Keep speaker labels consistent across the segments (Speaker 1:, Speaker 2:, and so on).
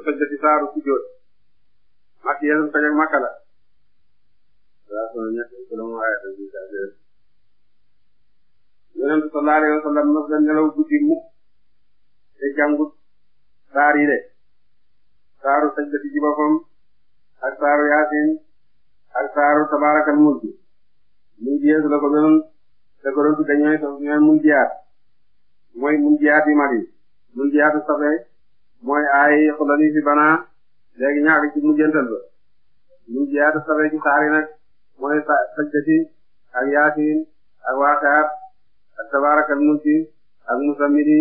Speaker 1: du sajjati saaru sujjóot mak yéen fekk ak makka la yonent sallallahu alayhi wa sallam mos la nelaw guddi mukk te jàngut saar yi de saaru sajjati ci boppam ak saaru yaasin ak saaru tabaarakal mulk muy diyees la ko doon te ko doon tudde ñooy ñooy mun jiyaat mooy mun jiyaat yu mag yi mun jiyaatu safe mooy ay xulali fi banaa léegi ñaari ci mujjantal ba ñu jiyaata sabe ci saari nag mooy sa sajjati ak yaasin ak waaqaat ak tabaarakal mulki ak musammidi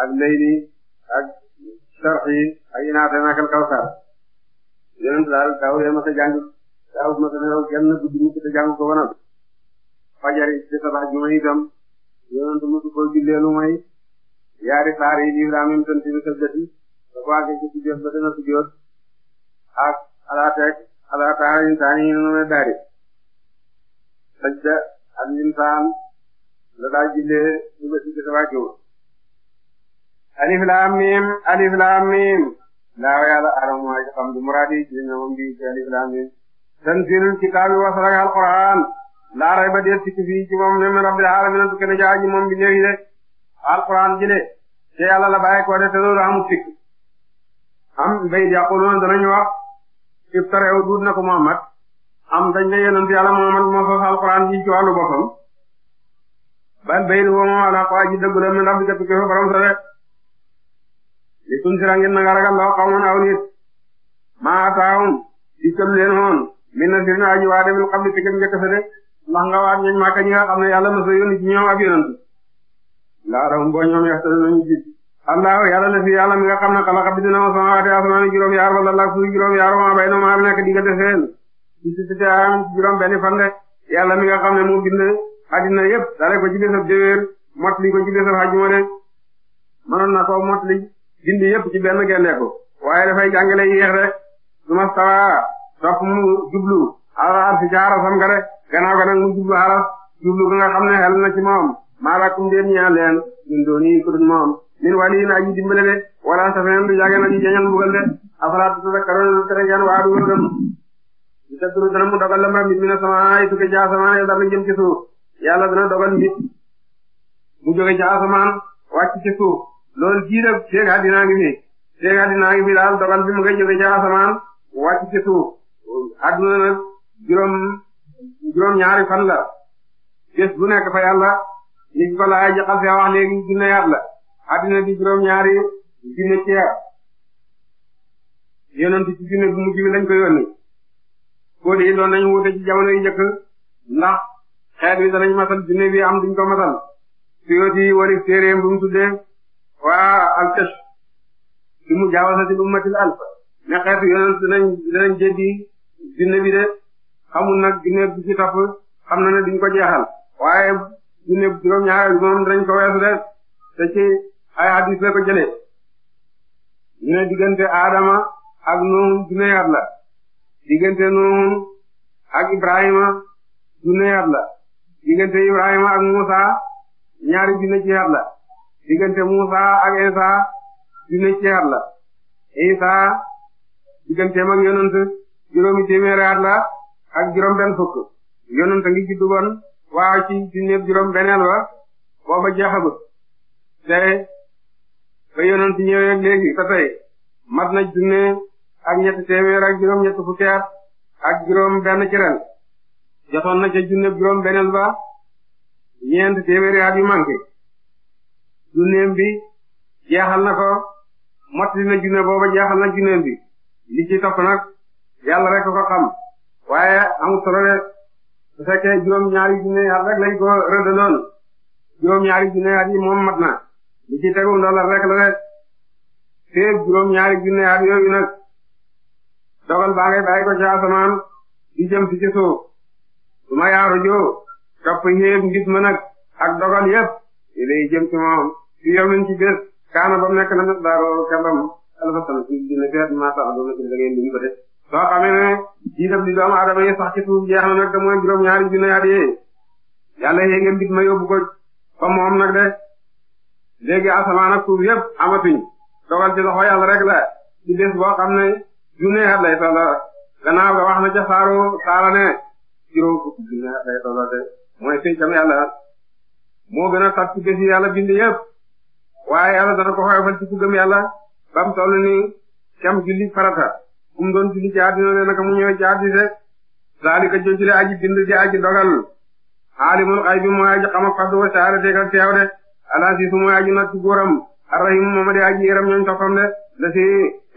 Speaker 1: ak layli ak sharhi ak inaata nakal kawsar yonent daal daaw yee ma sa jàng daaw ma guddi mu sa jàng ko wanal fajari ci sabax juma itam yonent musu ko julleelu mooy yaari saari liibraamim tan ci bi dafa àgg ci ba dana ak alaateeg alaataal insaan yi ñu sajda ak insaan la daa jullee ñu ba si gis wàccuwul alif laam miim alif laam miim laaw yàlla alam mooy xam du muraadi ci ne moom bi ci alif laam miim tanziilul laa rayba déet ci fii ci moom même rabbil aalamiin ji le te yàlla la de te loolu am day yaquluna danañu wax iftarew duut na ko Muhammad am dañ ne yonent yàlla Muhammad moo fa alquran yi ci wàllu boppam bal bayit woo moom ala ko aji dëgg la min rabbika tukki fa borom sa de li tunsira na nga loo xamoon aw nit maa ataahum dikkal leen woon min na aji waa demil xam li tikkam njëkk sa de ndax nga waat ñañ maaka ñi nga xam ne yàlla mësa yónni ci ñoom ab yonent laa rahum boo ñoom yaxta nañu allahu yàlla la fi yàlla mi nga xam ne xalaqa bind na ma samaawaati asamaani juróom-yaar wala laak suuf juróom-yaar wa maa baynahumaa nekk mi nga xam ne mu bind àddina yépp dale ko ci bésab déwéer motli ko ci bésab hajjuma de mënoon na to motli dindi yépp ci benn gendeeku waaye dafay jàngale yéex de su ma sawa topp mu jublu ala arsi ca arasam nga de mu jublu aras jublu ga nga ne xel na ci moom maalakum déen ñaan leen min dooni ko dun moom min wali naa ji dimbale de wala safeen du jaage nañu jañal mbugal de afalaat tazakkaruun tere ngeen waadu gëm di tadru dana mu dogal la ma mi na sama yi tuke ci asamaan dal jëm ci suuf yàlla dana dogal mbir mu jóge ci asamaan wàcc ci suuf loolu ji de fi feeg àddina fi daal dogal bi mu ngi jóge ci asamaan wàcc ci suuf àdduna juróom juróom ñaari fan la bés bu nekk fa yàlla li ko laaj xal fee wax léegi addina bi juróom-ñaari junne ci at yonent ci junne bu mujj bi lañ ko yónni kóode yi doon nañu wute ci jamono yu njëkk ndax xeet wi danañ matal junne bi am duñ ko matal suyooti wari séeréem bu mu tuddee waa alkesh du mu jaawasati ummatil alf ne xeetu yonent danañ danañ jëddi junne bi de xamul nag junne bi ci topp xam na ne duñ ko jeexal waaye junne juróom-ñaari moom danañ ko weesu de te ci ay hadis la ko jëlee ñu ne diggante Adama ak Nuhu junne at la diggante Nuhu ak Ibrahima junne at diggante Ibrahima ak Musa ñaari junne ci at diggante Musa ak Isa junne ci at Isa digganteem ak yonent juróomi téeméeri at la ak juróom benn fukk yonent ngi juddu woon waaw ci ci ñépp juróom beneen ba booba jeexagut te ba yonent ñëwee ak léegi ba mat na junne ak ñetti téeméer ak juróom ñetti fukki at ak juróom benn ci ren jotoon na ca junne juróom beneel ba ñeent téeméeri at yu manqué junneem bi jeexal na ko mottali na junne booba jeexal na junneem bi li ci topp nag yàlla ko xam waaye amul solo de su juróom ñaari junne at rek mat na li ci tegu ndolal rek la de fee juróom ñaari junne at yooyu nag dogal baa ngay bàyyi ko ci asamaan di jëm ci ci suuf su ma yaaru joo topp yéeg ngis ma nag ak dogal yépp di lay jëm ci moom fi yow nañ ci bés kaana ba mu nekk na mis daaroo kembam alfa sana si dina feet maa tax doona ci liggéey liñu ko de soo xamee ne di def di doomu aadama yi sax ci suuf jeex na nag te mooy juróom ñaari junne at yee yàlla yéegee mbit ma yóbbu ko fa moom nag de léegi asamaan ak suuf yëpp amatuñ dogal ci loxo yàlla rek la ci bés boo xam ne junne at lay tolla gannaaw wax na ca saaru saara ne juróom fukki junne at lay tolla de mooy peccam yàlla moo gën a tat ci bés yi yàlla bind yëpp waaye yàlla dana ko xoyofal ci ku gëm yàlla bam toll ni cam julli farata bu mu doon ci àddina ne naka mu ñëwee ci àddina rek zalika jojule aji bind ji aji dogal alimul xaybi mooy aji xam ak faddu wa saara tegal teew de alaasi su mooy aju not ci góoram arrahim mooma di aji yéram ñooñ toppam de da si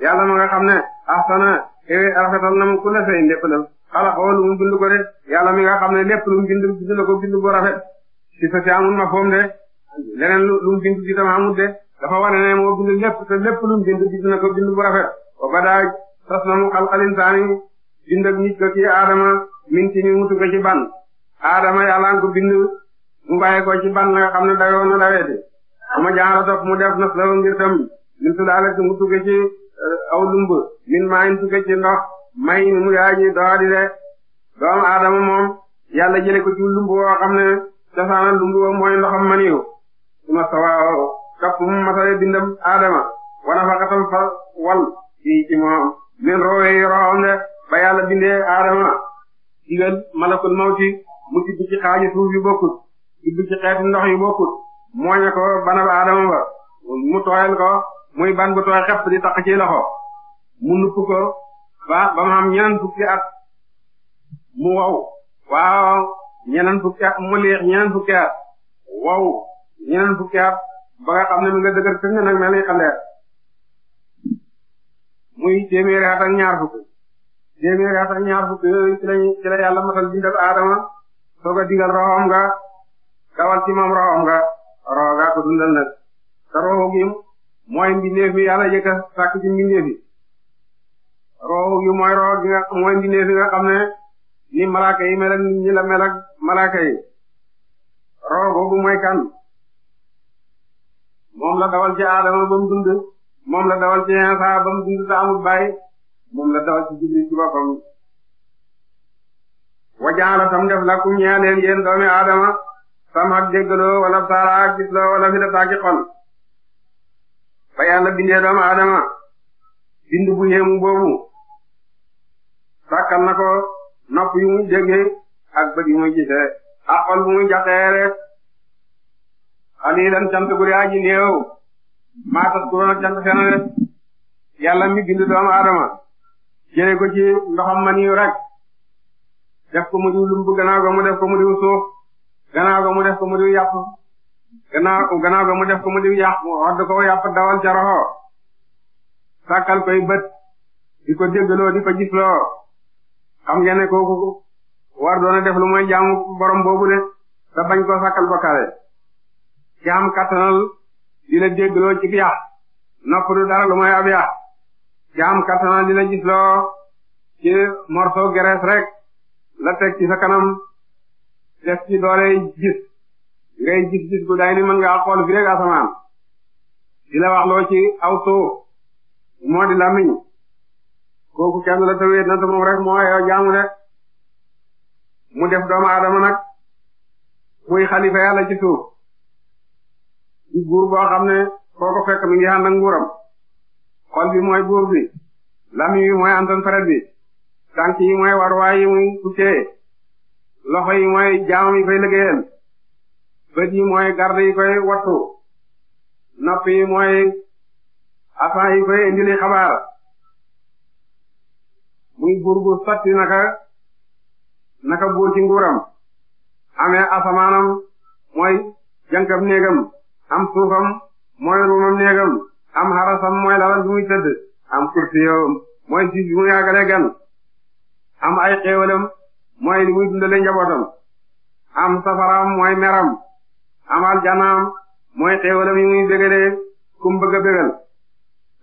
Speaker 1: yàlla ma nga xam ne ahsana xewe rafetal na mu ku la sey ndépp la xala xool ko de yàlla mi xam ne lépp lu mu bind bind na ko bind bu rafet ci sa si amul ma foom de leneen lu mu bind ci de dafa wane ne moo bind lépp te lépp lu mu ko bind bu rafet wa badaa mu xalqal insaani bind ak nit ko ci mutu ko ban aadama yàlla ko bind mu bàyyi ko ci ban xam ne dayoo na daweeti ama jaara topp mu def na law ngir tam min sulaala ci mu tuge ci eh, aw lumb min maa in tuge ci ndox may mu yaa doodi de doomu aadama moom yàlla jële ko ci lumb woo xam ne cosaana lumb mooy ndoxam maniyu suma sawaaw topp mu masale bindam aadama wana fa katam fa wal fii moom min roowee roxam de ba yàlla bindee aadama digal malakul mawti mu ci xaaji suuf yu bokkut ibbi ci xeetu ndox yu bokkut mooñe ko banab aadama ba mu tooyal ko muy ban bu tooy xepp di tax ci loxo mu nupp ko ba ba mu xam ñeneen fukki at mu wow waaw ñeneen fukki at mu xam ne mi nga dëgër kër nga nag mel ni xaleer muy téeméeri at ak ñaar fukki téeméeri at ak ñaar fukki ci la yàlla matal bindal aadama soog a digal roxam nga gawal ci moom roxom nga roxo gaa ko dundal nag te roxo gi mooy mbindeef yi yàlla jëkka sàkk ci mbindeef yi roxo mooy roxo gi mooy mbindeef nga xam ne ni malaaka yi mel la mel ak malaaka yi googu mooy kan moom la dawal ci aadama ba dund moom la dawal ci insa ba mu dund te amul baay moom la dawal ci jibril ci boppam wajaala tam def lakum ñeeleen yéen doomi aadama sam ak déggaloo wala saara gis loo wala fi la saaki ba yàlla bindee doomu aadama bind bu yéemu boobu sàkkal na ko nopp yu muy déggee ak bët yu muy gisee ak xol bu muy jaxeere xalilan cant gu aji néew maa tas kuroon cant fenale yàlla mi bind doomu aadama jële ko ci ndoxam maniyu def ko mu lumbu gannaaw ko def ko mu diw gannaaw ga mu def ko mu diw yàpp gannaaw ga mu def ko mu diw yàpp wadd ko yàpp dawal ca sàkkal koy bët di ko déggloo di ko gisloo xam ngeen ne war doona def lu mooy jaamu borom boobu de te bañ koo sàkkal bokkaale ci am kattanal di la déggloo ci yàq nopp du dara lu mooy ab yàq ci am kattanal di la gisloo ci morceau graisse rek la teg ci sa kanam def ci doole gis ngay gis gis gu day ni mën ngaa xool fi asamaan di la wax loo ci aw suuf moo di làmmiñ kooku kenn la tawéet na te rek moo yow jaamu rek mu def doomu aadama nag muy xalifa yàlla ci suuf di buur boo xam ne foo ko fekk ngi ànd ak nguuram bi mooy buur bi làmmiñ bi mooy antan faret bi tànk yi mooy waruwaay yi muy kuccee loxo yi mooy jaam yi koy liggéeyal bët yi mooy garde yi koy wattu nopp yi mooy asan yi koy indili xabaar muy buur gu sotti naka naka buur ci nguuram amee asamaanam mooy jankam néegam am suufam mooy ruumam néegam am xarasam mooy lalal bi tëdd am kursiyoom mooy siis bi muy àggale gan am ay xéewalam mooy li muy dundale njabootam am safaraam mooy meram am aljanaam mooy xéewalam yi muy bégalee kum bëgg a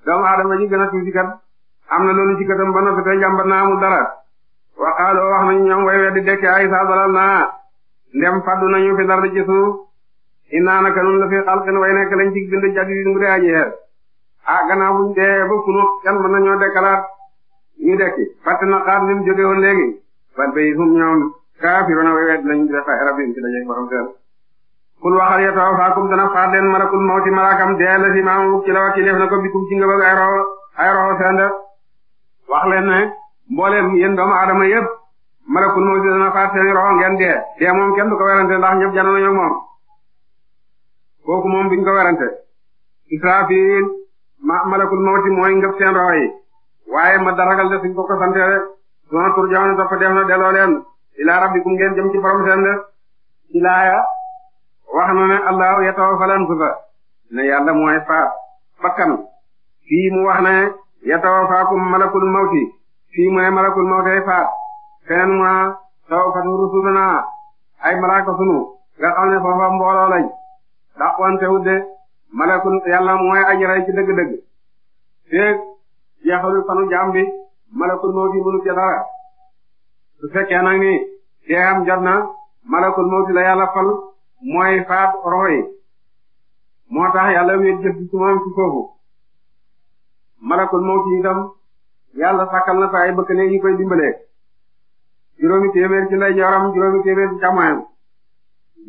Speaker 1: doomu aadama ji gën a tuuti kat am na loolu ci katam ba noppi te jàmbat naa amul dara waxaaloo wax nañu ñoom way weddi dekke ay saa naa ndem faddu nañu fi lar di ci suuf inaa naka nun la fi way nekk lañ ci bind jadid mu dee aji xeer ah gannaaw dee ba kunu yan mën nañoo dekkalaat ñu dekki fàtte na xaat ni jóge woon léegi bal bayhum ñoom kaafiruuna way wedd nañu bi rabbihim ci dajeek borom seen kul waxal ya tawafaakum dana faat leen malakul mawti malakam dee la si maamu ci la wakileef na ko bikum ci nga ay roxo ay roxo seen de wax leen ne mbooleem yéen doomu aadama yépp malakul mawti dana faat seen roxo ngeen dee dee moom kenn du ko werante ndax ñëpp janoon nañu moom kooku moom biñ ko werante israfil ma malakul mawti mooy ngëp seen roxo yi waaye ma daragal de suñ ko ko sante suma turjawna topp def na delloo leen ilaa rabbikum ngeen jëm ci borom seen def wax na ne allahu yatawaffal anfusa ne yàlla mooy faat bakkan fii mu wax ne yatawaffakum malakul mawti fii mu ne malakul mawti faat feneen mu ne tawafatu rusuluna ay malaaka sunu nga xam ne foofa mbooloo lañ dàqwante wudde malakul yàlla mooy aji ci dëgg-dëgg feek jeexalul fanu jaam bi malakul mawti mënu ca dara su fekkee nag ni dee am jot na malakul mawti la yàlla mooy faat roxo moo tax yàlla wéet jëf ci moom ci foofu malakul mawti itam yàlla sàkkal na fa ay bëkkale yi koy dimbalee juróomi téeméer ci lay joram juróomi téeméer ci càmmoñam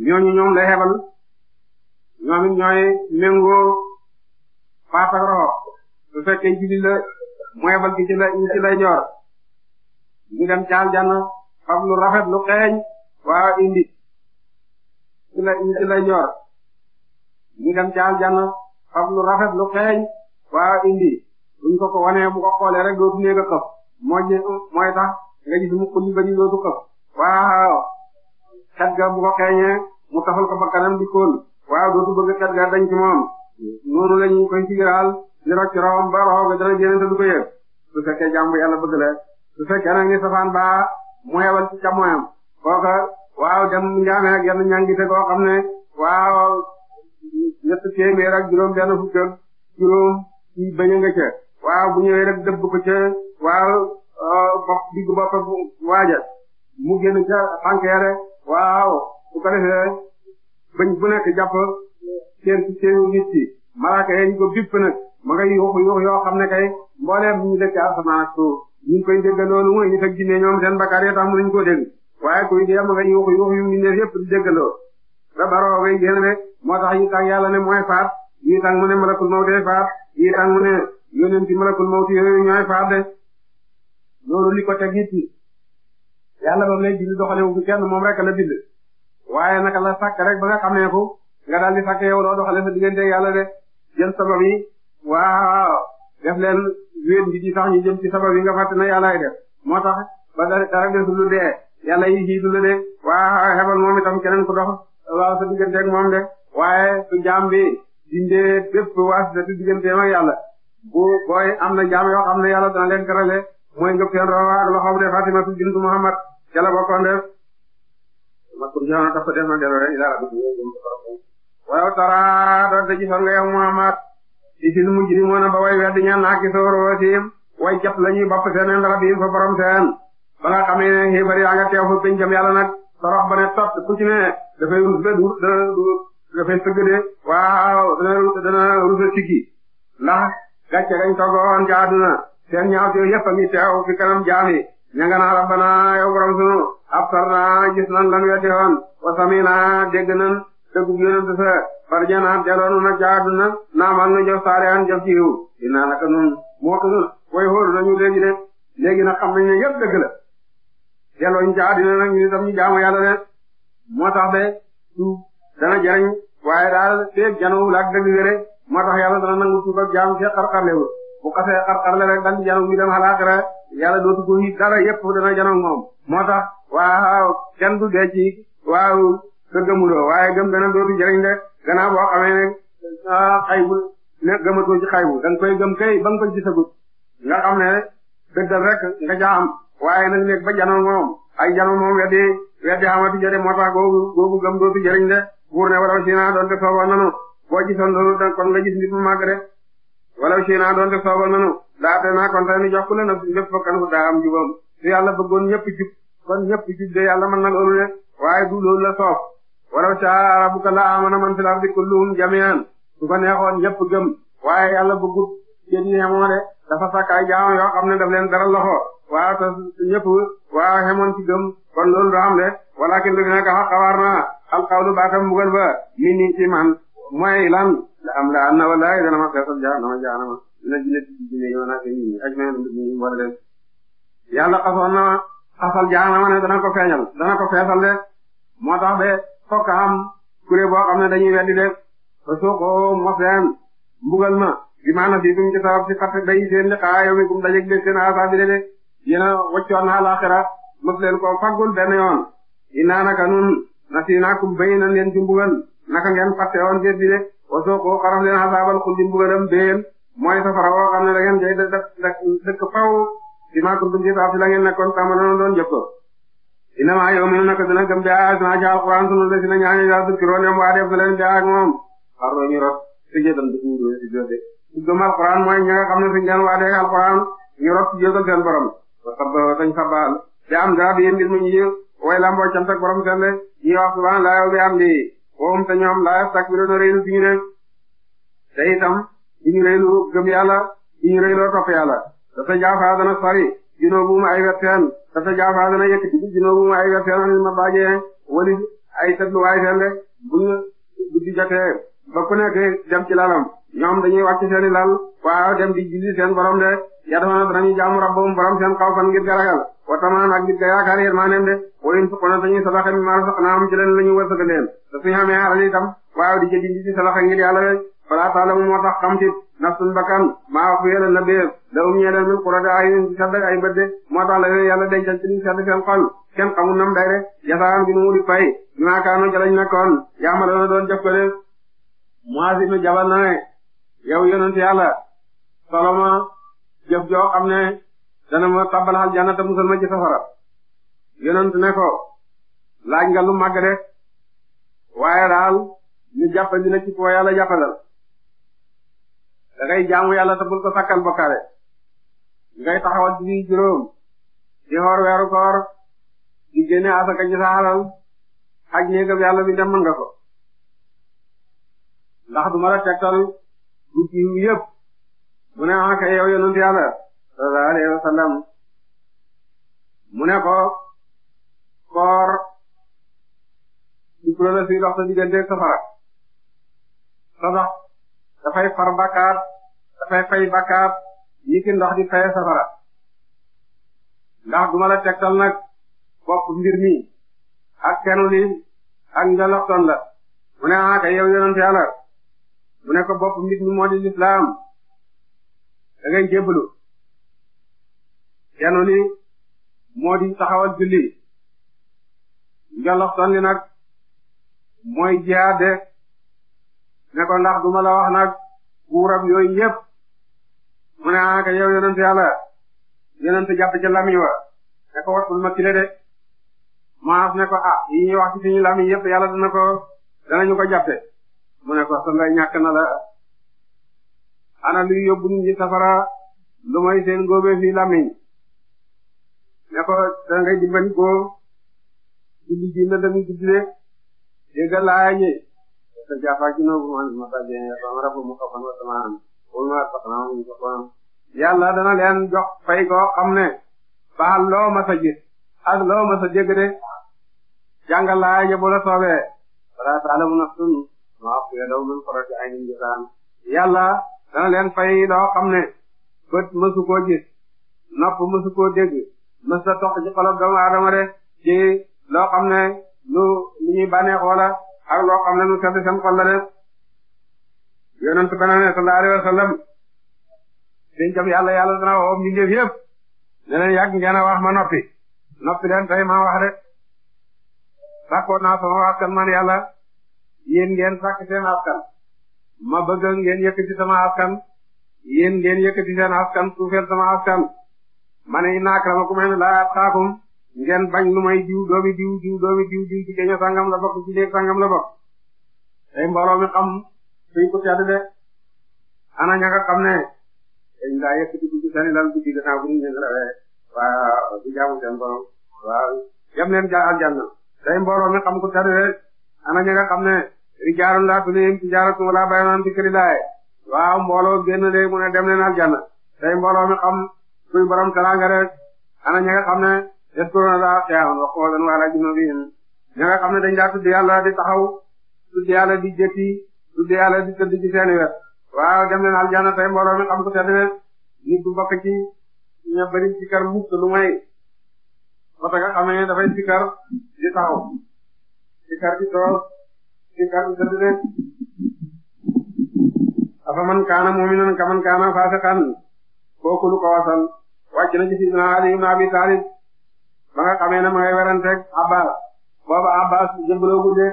Speaker 1: ñooñu ñoom lay xebal ñoom it ñooy méngoo faat ak roxo su fekkee julli la mu yebal ki ci la ci lay joor ñu dem ci aljanna fab lu rafet lu xeeñ waaw indi ci la ci lay joor ñu dem ci aljanna fab lu rafet lu xeeñ waaw indi buñ ko ko wanee bu ko xoolee rek dootu nee nga xëf mooy mooy tax nga gis mu xulli ba ñu dootu xëf waaw xet ga bu ko xeeñee mu tafal ko ba kanam di kóol waaw dootu bëgg xet ga dañ ci moom noonu la ñu koy sigiral ñu rog ci rawam ba raw ga dana génn te ko yëg su fekkee jàmm yàlla bëgg la su fekkee nag ni safaan baa mu yebal ci càmmoñam kooka waaw dem nga amee ak yenn ñangite koo ne waaw ñett téeméer ak juróom benn fukk ak juróom ci bañ waaw bu ñëwee rek dëbb ko ca waaw euh, bopp digg bopp ak waaja mu génn ca tànk waaw bu ko defee bañ bu nekk jàpp seen ci seen nit ci malaaka ñu ko bipp ma ngay yuux yuux yoo xam ne kay mbooleem ñu dëkk asamaan ak suuf ñu ngi koy déggandoo lu muy nit ak jinne ñoom seen bakkaar yi koo dégg waaye kuy dee ma yépp di déggandoo da baroo bay génn rek moo tax yi tax yàlla ne mooy faat yi tax mu ne malakul mawtee faat yi tax mu ne yónent ci malakul mawti yooyu ñooy faat de loolu li ko teg nit ñi yàlla ba léegi di doxale wu kenn moom rek la bind waaye naka la sàkk rek ba nga xamee ko nga daal yi waaw def len wéet bi ci sax ñu jëm ci sabab yi nga fàtte na yàllaay def moo tax ba dara desul lu de yàlla yi jiitu la de waaw xebal moom itam keneen ku dox waaw sa digganteeg moom de waaye su jaam bi dindee bépp waas da tu digganteem ak yàlla bu booy am na jaam yoo xam ne yàlla dana leen garale mooy ngëp seen roowa ak loxoom de Fatima tu bintu Muhammad ca la bokkoon def makum joona tara doon da gisoon nga yow di si nu mujj di moona ba way weddi ña naa ki sooroo siim way jàpp lañuy bopp seeneen rabiim fa borom seen ba nga xamee ne xiifar yaa nga teew fa pencam yàlla nag torox ba ne tot ku ci ne dafay rus ba du dana dafay sëgg de waaw dana dana a sikki ndax gàcce gañ toggoon ca àdduna seen ñaaw teew yëpp a teew fi kanam jaami ña nga naa rabbana borom sunu absar naa gis nan lan wa sami naa dégg nan dëggug yonent sa farjanaat jaloonu na ca àdduna naamal na jëf saale an jëf ci yiw dinaa na noonu moo tënul koy xool nañu léegi de léegi nag xam nañ ne yëpp dëgg la jaloon ca àdduna nag ñu itam ñu jaamu yàlla moo tax de tuub dana jariñ waaye daal feeg janowul ak dëgg ga de moo tax yàlla dana nangu tuub ak jaam fee xarxarlewul bu xasee xarxarle rek dan janow mi dem xalaaxira yàlla dootu ko dara yëpp dana janow moom moo tax wa kenn du dee ci te gëmuloo waaye gëm dana dootu jëriñ de gannaaw boo xamee ne xaybu ne gëmatoo ci xaybu da nga koy gëm kay ba nga koy gisagut xam ne dëggal rek nga ca waaye nag nekk ba janoon moom ay janoon moom weddi weddi xamati jëre moo tax googu googu gëm dootu jëriñ de buur ne walaw sina doonte soobal nanu boo gisoon loolu da kon nga gis nit naa kon jox ku ne na lépp bakkan fu daa am jubam yàlla bëggoon ñëpp jub kon ñëpp jub de yàlla mën na loolu de waaye du loolu la soob walaw saa rabbuka la amana man fil ardi kulluhum jami'an su ko neexoon ñëpp gëm waaye yàlla bëggut kenn yemoo de dafa sàkk ay jaam yoo xam ne daf leen dara loxo waa te ñëpp waa xemoon ci gëm kon loolu doo am de walakin lu nekk xaqa na alqawlu baatam mbugal ba min ni ci man mooy lan am la an na wallaahi dana ma feesal jaanama jaanama la ji la ji ne yoon ak ñi ak meen ñi war leen yàlla xasoon na xasal jaanama ne dana ko feeñal dana fokk am kuré boo xam ne dañuy weddi def fa suuqoo mos leen mbugal ma bi maana si tum ci sabab si fàtte day seen li xaa yow mi kum dajeg bés seen asa bi de de yéen a waccoon na alaxira mos leen koo faggul benn yoon inaa naka nun nasinaakum bay nan leen ci mbugal naka ngeen fàtte woon jét bi de o suuqoo xaraf leen asaabal xul di mbugalam béen mooy safara woo xam ne da ngeen cay dëkk faw si maakum tum ci sabab si la ngeen nekkoon tàmbaloon doon jëf ko inna maa yow mii naka gëm daa dinaa ci alxuraan sunu la dina ñaan daa dugg leen waa def leen daa moom xar la ñuy rot si jotam di ñu di jote di gëm alxuraan mooy ñi nga xam ne suñu daan waa dee alxuraan ñu rot si jotal seen borom ba sabba sañ di am dara bi mbir mu ñuy way lamboo cant ak borom seen le ñuy wax subhaan laa yow bi am di woom te ñoom laa yow takk bi doon rëylu si ñu yàlla di junóobuum ay werteen dafa jaafa dana yëkkati bi junóobuum ay werteen anil ma baaje wali ay setluwaay fen rek buñu guddi jotee ba ku nekk dem ci lalam ñoom dañuy wàcc seeni lal waaw dem di julli seen borom de yadona danañu jaamu rabbum borom seen xaw fan ngir garagal watamaan ak ngir ga yaakaar yërmaaneem de wayun suqona dañuy sadaxe mi maa saqnaam ci leen la ñu wërsëg leen da suñu xamee alal itam waaw di jëdi di salaxe ngir yàlla rek fala taalamu moo tax xam tit nafsun bakkan maa wax yéen a la béyee dawum ñeeleel min qurrata ayunin ci sedd ay bët de moo tax la yooyu yàlla dencal ci ñu sedd seen xol kenn xamul nam day de jasaan gi nu mu di fay dinaa kaanu jalañ nekkoon yaa ma doon doon jëf ko de moisi nu jabal na ne yow yonent yàlla soloma jëf joo xam ne dana ma tabbal xal janna te musal ma ci safara ne ko laaj nga lu màgg de waaye daal ñu jàppandi na ci ko yàlla jàppalal da ngay jaamu yàlla te bul ko sakkal taxawal di di génne asaka ci sa alal ak néegam yàlla bi dem nga ko ndax du ma la tegtal guddi yi yëpp mu ne ah kay yow yonent yàlla sallallahu alayhi wa sallam mu koor du kuréel a suy dox sa diggante safara sa fay fay bakkaar yi ki ndox di faye safara ndax duma la tegtal nag bopp mbir mi ak kenu li ak njaloxton la mu ne ah kay yow yonent yàlla mu ne ko bopp mbir mi moo di lislaam da ngay kenu li moo di taxawal julli njaloxton li nag mooy jihaad de ne ko ndax duma la wax nag kuuram yooyu yépp mu ne ah kay yow yonent yàlla yonent jàpp ca wa ne ko watul ma kile de maas ne ko ah yi ñuy wax ci suñu lami yëpp yàlla dana ko danañu ko jàppe mu ne ko sa lay ñàkk ana luy yóbbu nit ñi safara lu may seen góobee fi lamiñ ne ko da ngay dimbali ko julli ji lëndëm guddi de dégg laaya ñi sa jaafa ci man ma sajjee ba rabu mu xaban wa wala saxnaaw saxnaaw. yàlla dana leen jox fay goo xam ne baal loo mas a gis ak loo mas a dégg de jàngalaay yóbbu la soobee. balaa taalamu nafsun maa uqfiya lahum min qurrati a'yunin jazaan. yàlla dana leen fay loo xam ne bët mësu koo gis nopp mësu koo dégg mës a toq ci xolof loo xam ne lu lu ñuy bànneexoo la loo xam ne lu sedd seen yonent ba ne sallallahu alayhi wa sallam dencam yàlla yàlla dana woo mbindeef yëpp ne leen yàgg ngeen a wax ma noppi noppi leen tey ma wax de sàkkoon naa sama askan man yàlla yéen ngeen sàkk seen askan ma bëgg ngeen yëkkati sama askan yéen ngeen yëkkati seen askan suufeel sama askan ma ne inna akramakum indallahi atqaakum ngeen bañ lu may diw doomi diw diw doomi diw diw ci geño sangam la bokk ci léeg sangam la bokk tey mbooloo mi xam suñ ko tedd de ana ña nga xam ne dañ daa yëkkati bu ci seen lal bu ci gannaaw bu ñu leen rawee waa di jaamu seen borom waaw yam leen ja aljanna tey mbooloo mi xam ko tedd de ana ña nga xam ne rijaarun laa tulhiihim tijaaratun wa laa bay'un an dikrillaahi waaw mbooloo génn de mu ne dem leen aljanna tey mbooloo mi xam kuy borom teraanga rek ana ña nga xam ne yaskuruuna Allaaha qiyaaman wa qu'uudan wa alaa junuubihim ña nga xam ne dañ daa tudd yàlla di taxaw tudd yàlla di jëkki tudde yàlla di tëdd ci seeni wet waaw dem leen aljanna tey mbooloo mi xam ko tedd wet nit du bokk ci ña bari sikar mukk lu may parce que xam ne dafay sikar di taxaw sikar di toog sikar di tëdd de afa man kaana mu'minan ka man kaana fasiqan kooku lu ko wasal wàcc na ci sidna Ali ibn Abi Talib ba nga xamee ne ma ngay weranteeg Abbas booba Abbas jëmbaloo gudde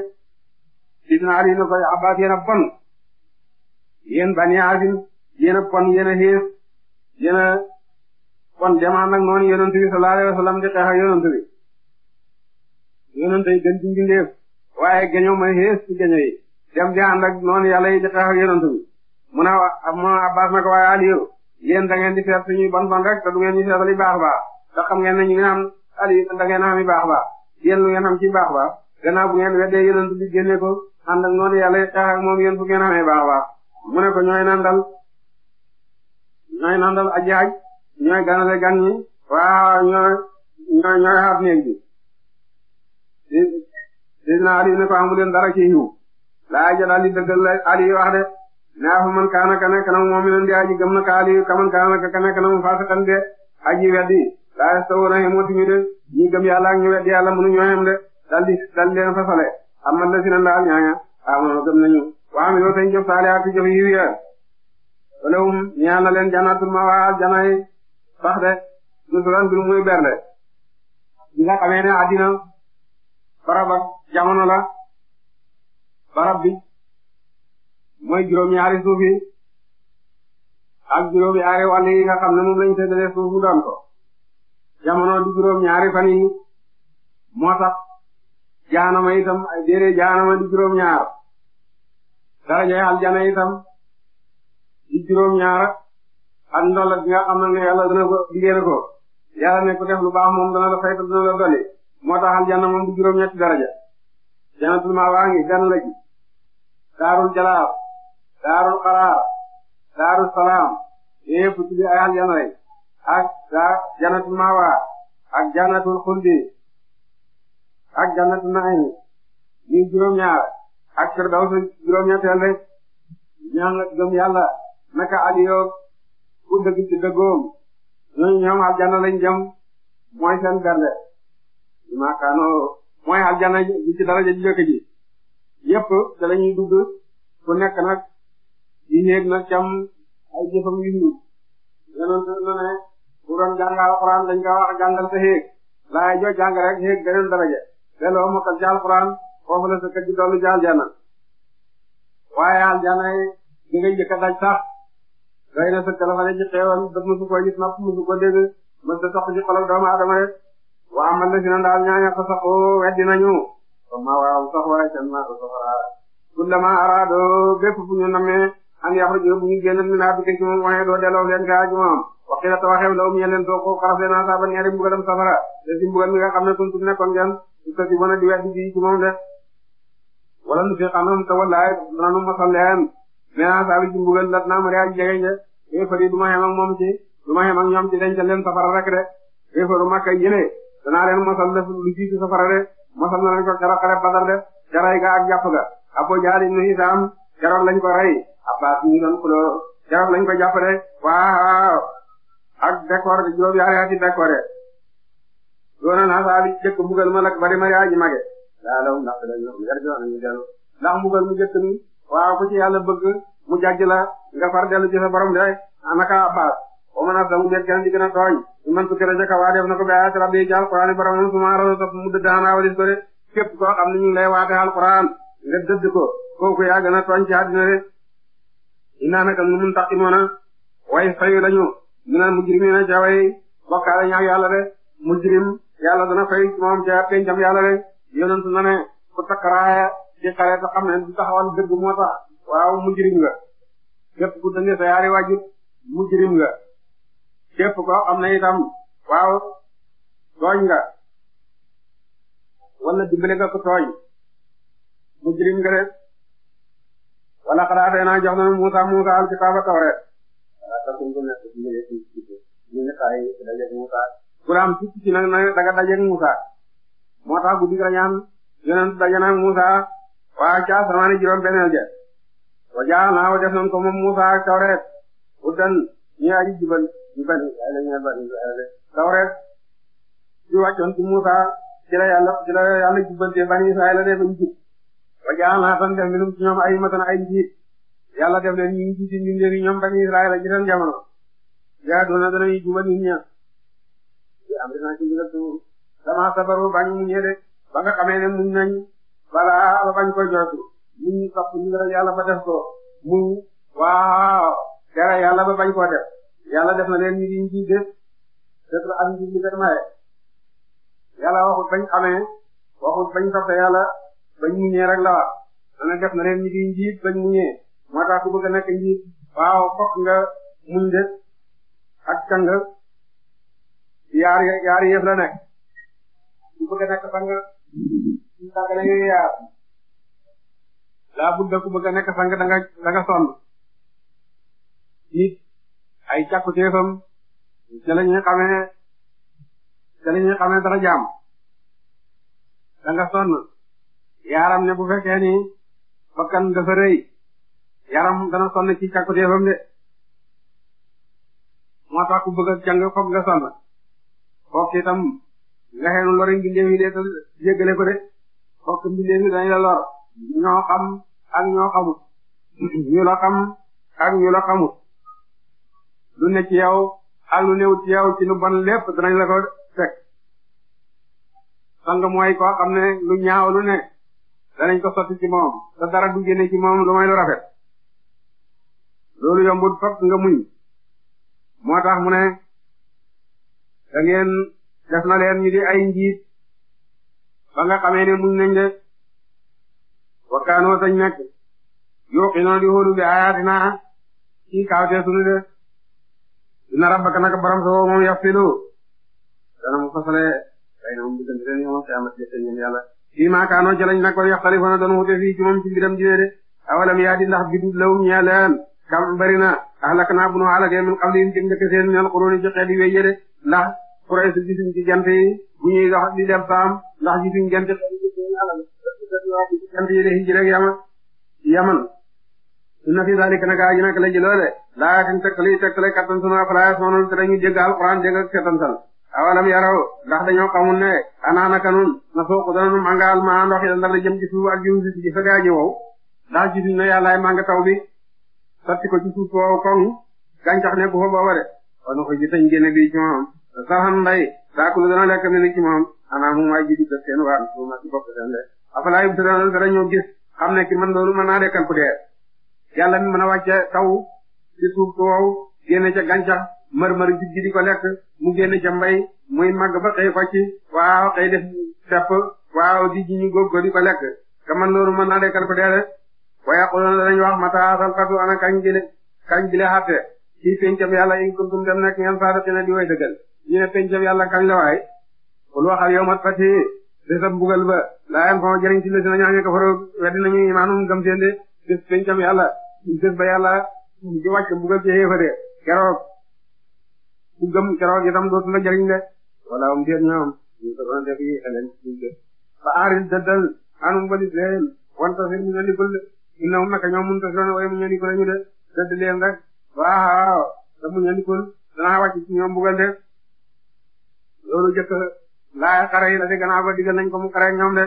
Speaker 1: Sidna Ali na ko Abbaas yéen a bon yéen Bani Haasim yéen a bon yéen a xiis yéen a bon dem ànd ak noonu yonent bi sallallahu bi yonent yi gën ci mbindeef waaye gëñoo mooy di ànd ak noonu yàlla yi di xeex ak yonent bi mu ne mu ne Abbaas na ko waaye Aliou yéen da ngeen di bon bon rek te du ngeen ñu seetali baax baax te xam ngeen ne ñu ngi am Aliou da ngeen a am i baax baax yéen lu ci baax baax. gannaaw bu ngeen weddee yonent bi génne ko ànd ak noonu yàlla xeex ak moom yéen bu ngeen amee baax baax mu ne ko ñooy nandal ñooy nandal aji aj ñooy ganale gan ñi waaw ñooy ñooy ñooy xaar néeg bi sidna ali ne ko amu leen dara ci yiw laa jël ali dëggal la ali wax de naa fa man kaana ka nekk na mu mu'minan aji gëm na ka ali ka man kaana ka nekk na mu faasiqan de aji weddi laa yastawoona hemu timi de ñi gëm yàlla ak weddi yàlla mënu ñoo dal di dal fasale am na la si ne ndaal ñaaña amoon gëm nañu waa mi loo tañ jëf saalihaati jëf yiw ya walawum ñaan na leen jannatul mawaa janay sax de nusuran mbir muy bernde ñi nga xamee ne àddina barab ak jamono la barab bi mooy juróom-ñaari suuf yi ak juróom-ñaari wàll yi nga xam ne moom lañ tëddale suufu doon ko jamono di juróom-ñaari fan yi moo jaanama itam ay déere jaanama di juróom-ñaar darajay aljana itam di juróom-ñaar ak ndolla bi nga xam ne yàlla dana ko diggee na ko yàlla ne ko def lu baax moom dana la fay dana la dolli moo tax aljana moom di juróom-ñetti daraja janatul ma waa ngi gan la ji daarul jalaal daarul xaraar daarul salaam yépp ci ay aljana lay ak daa janatul ma waa ak janatul xuldi ak jannatu na'im ñuy juróom-ñaar ak firdaws juróom-ñetteel rek ñaan gëm yàlla naka adiyo ku dëgg ci dëggoom ñooñu ñoom aljanna lañ jëm mooy seen bernde maakaano mooy aljanna ji ci daraja ji jëkk ji yépp te lañuy dugg ku nekk nag di néeg nag cam ay jëfam yu ñu yenoon te na ne delloo mokkal ci alxuraan foofu la sa kër gi dolli ci aljana waaye aljana yi nga njëkk a daj na sa a sax ci xolal doomu aadama rek waa man la si ne daal ñaaña ko sax weddi nañu comme maa waaw sax waaye seen maa ko soxlaa kullama araado bépp fu ñu namee an yaxruju bu ñu génn naa bi ci moom waaye doo delloo leen ko xaraf leen asaaba ñaari mbugalam safara te si mbugal mi nga ne kuntum ci sa si di weddi ji ci moom de wala nu fi xanam te wallaay nanu mosal leen mais saabi ci mbugal lat naa ma yaa jege de kéefar yi du ma yem ak moom ci du ma yem ak ñoom ci denc leen safara rek de kéefaru safara de mosal na lañ ko keroog xale Badar de jaray ga ak jàpp ga Abu Jahl ibn Hisam keroog lañ ko rey Abbaas ñu doon xuloo keroog lañ ko jàpp de waaw ak décor juróom yaari ati décoré doonan xasaabi jëkk mbugal ma nag bari ma yaa ji mage laa law ndax dañu yarjo nañu dellu ndax mbugal mu jëkk mi waaw ku ci yàlla bëgg mu jàjj la nga far dellu ci sa borom de anaka abbas o man asdamu bet kenn di gën a tooñ i man tukkira jëkka waa def na ko bia trabi ci alquran yi boromam sumaaroo topp mu dëdd xanaa walis ko de képp koo xam ne ñu ngi lay waate alquran nga dëdd ko kooku yaa gën a tooñ ci àddina de inaa naka nu mun tax imoona yàlla dana fay moom ca pencam yàlla rek yonent na ne ku takk raaya ci te xam ne du taxawal dëgg moo tax waaw mujrim nga képp ku dënge sa yaari wajib mujrim nga képp koo xam ne itam waaw tooñ nga wala dimbale nga ko mujrim nga rek wala xalaatee naa jox na Musa Musa al kitaaba tawret ku la am tuuti ci nag Musa moo tax guddi ga ñaan yonent daje na Musa waa ca asamaan juróom-benn ja wa jaana wa def nañ Musa tawreet uddan ñi aji jubal ñu bari ay ñe bari tawreet di wàccoon ci Musa ci la yàlla ci la yàlla jubbante bani Israayil de bañ jub wa jaana tan def minum ci ñoom ay matan ay njiit yàlla def leen ñu ñu leen ñoom bani Israayil ci seen jamono yaa doona danañu jubal nit ña amrina ci ndigal suñu sama sabaru bañ muñee de ba nga ba bañ ko jooytu nit ñi topp ndigal yàlla ba def ko muñ waaw dara yàlla ba bañ koo def def na leen ñu ngi ciy def def la am njiit li kat maye yàlla waxut bañ xamee waxut bañ topp yàlla bañ muñee rek la def na leen ñu ngi njiit bañ muñee moo tax ku bëgg a nekk njiit waaw fokk nga muñ de ak yaar yaar yëf la nekk su bëgg a nekk sang su tàggale yooyu yaar laa bu dëkk bëgg a nekk sang da nga da nga ay ca la ñuy xamee ca la ñuy xamee dara jaam da nga yaaram ne bu fekkee ni bakkan dafa rëy dana sonn ci càkku teefam de moo tax ku bëgg a jàng nga sonn fokk itam nga xëy na lor mbindeef yi de te jéggale ko de fokk mbindeef yi la lor ñoo xam ak ñoo xamut la xam ak la xamut lu ne ci yow ak lu néew ci yow ci lu bon lépp danañ la ko fekk sang mooy ne lu ñaaw lu ne danañ ko sotti ci moom te dara du génne ci lu lu rafet fokk nga muñ moo tax mu da ngeen leen ñu di ay njiit ba nga xamee ne muñ nañ de wakkaanoo tañ nekk yuqinoo di hóolu bi ayatina ci kaawtee sunu de dina rabbaka naka borom soo moom yaftilu dana mu fasale day na moom diggante leen yomal qiyamat jëtte ngeen yàlla fii maa kaanoo ca lañ nekkoon yaxtalifoona doon wute fii ci moom ci mbiram dine de awalam yaa di ndax biddu lawum ñee leen kam bari na ahlak naa bu nu halakee min qablihim ci njëkk seen ñal quruni ci xeet ndax Quraysh gisuñ ci jant yi bu ñuy dox di dem saam ndax gisuñ jant jant yi de hijj rek yaman yaman inna fi zalika naka aji naka la ji loole laa tin tekkali tekkale kattan sunu afalaa yasmanuun te dañu dégg alxuraan dégg ak setantal awalam yaraw ndax dañoo xamul ne ana naka nun na suuq dana nu mangaal maa ndox yi ndar la jëm ci suuf ak jum si ci fekk aji wow ndax gisuñ ne yàllaay manga taw bi sotti ko ci suuf wow koŋ gàncax ne bu fa booba de wala ko ji tañ génne gi ci moom saxan mbay saakulu dana lekk ne ni ci moom xanaa mu waay ji di def seen waar ma ci bopp seen de afalaayum te dana dara ñoo gis xam ne ki man loolu mën naa dekkal ku yàlla mi mën a wàcce taw ci suuf su génne ca gàncax mër-mër ji ji di ko lekk mu génne ca mbay muy màgg ba xëy focc waaw xëy def depp waaw di ji ñu góob ko di ko lekk te man loolu mën naa dekkal ku dee de waaye xulona wax mata salkatu ana kañ bile kañ ci pencam yàlla in kuntum dem nekk ngeen saadiqiina di way dëggal ñu ne pencam yàlla kañ la waay kul waxal yawmat fathi bésab bugal ba laa yam fa jëriñ ci lesi na a kafaroo weddi nañu imaanum gëm seen de bés pencam yàlla bés ba yàlla di wàcc bugal ci xéefare keroog ku gëm keroog itam dootu la jëriñ de wala um déet ñoom ñu doon def yi xelen ci de fa arid daddal anum bali seen wanta seen ñu ne ñu likul ñu de dadd waaw te mu ñandikul danaa wàcc ci ñoom bugal de loolu jëkk laaya xare yi la de gannaaw ba digal nañ ko mu xare ñoom de